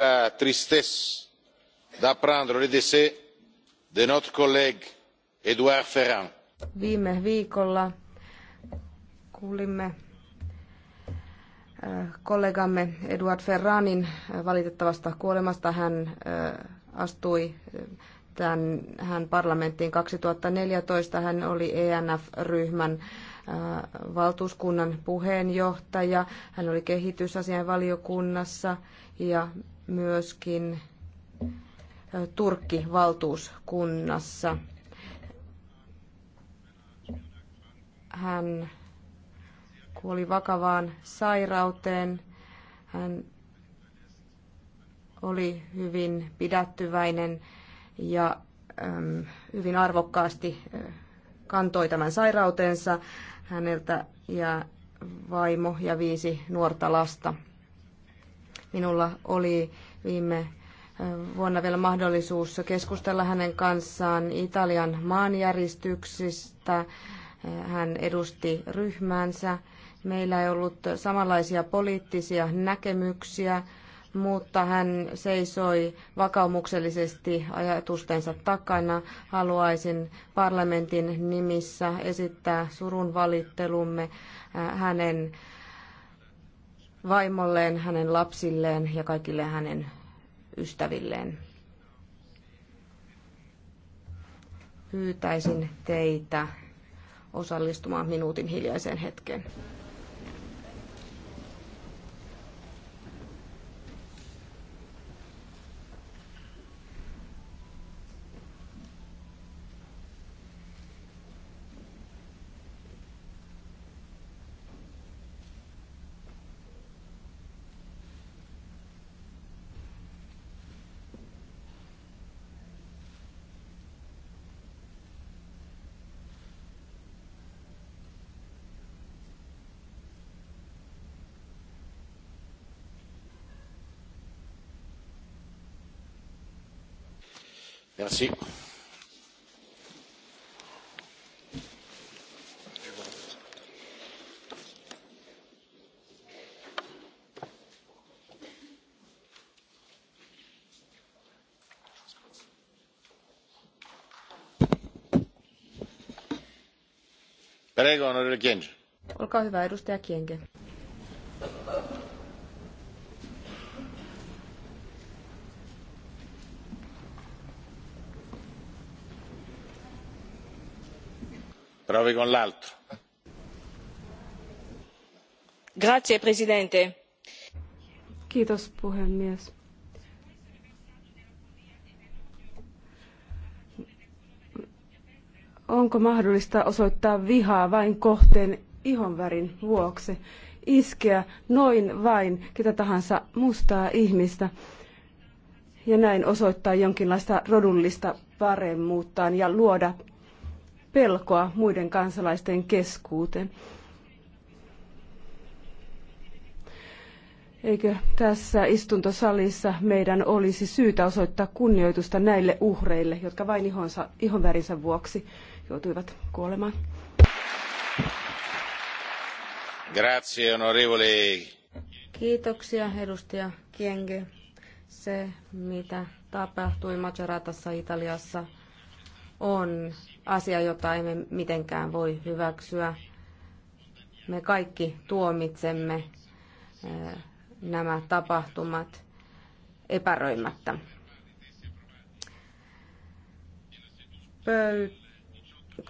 la tristesse d'apprendre le décès de notre collègue Edouard Ferrand. Viime viikolla kuulimme äh, kollegamme Eduard Ferranin äh, valitettavasta kuolemasta. Hän äh, astui tämän, hän parlamenttiin 2014. Hän oli ENF-ryhmän valtuuskunnan puheenjohtaja. Hän oli kehitysasian valiokunnassa ja myöskin Turkki-valtuuskunnassa. Hän kuoli vakavaan sairauteen. Hän oli hyvin pidättyväinen ja hyvin arvokkaasti kantoi tämän sairautensa häneltä ja vaimo ja viisi nuorta lasta. Minulla oli viime vuonna vielä mahdollisuus keskustella hänen kanssaan Italian maanjäristyksistä. Hän edusti ryhmäänsä. Meillä ei ollut samanlaisia poliittisia näkemyksiä, mutta hän seisoi vakaumuksellisesti ajatustensa takana. Haluaisin parlamentin nimissä esittää surun valittelumme hänen vaimolleen, hänen lapsilleen ja kaikille hänen ystävilleen. Pyytäisin teitä osallistumaan minuutin hiljaiseen hetkeen. Merci. Olkaa hyvä, edustaja Kienge. provi presidente. puhemies. Onko mahdollista osoittaa vihaa vain kohteen ihonvärin vuoksi? Iskeä noin vain ketä tahansa mustaa ihmistä ja näin osoittaa jonkinlaista rodullista paremmuuttaan ja luoda pelkoa muiden kansalaisten keskuuteen. Eikö tässä istuntosalissa meidän olisi syytä osoittaa kunnioitusta näille uhreille, jotka vain ihonsa, ihonvärinsä vuoksi joutuivat kuolemaan? Grazie, onorevoli. Kiitoksia, edustaja Kienge. Se, mitä tapahtui Maceratassa Italiassa, on asia, jota emme mitenkään voi hyväksyä. Me kaikki tuomitsemme eh, nämä tapahtumat epäröimättä. Pöytä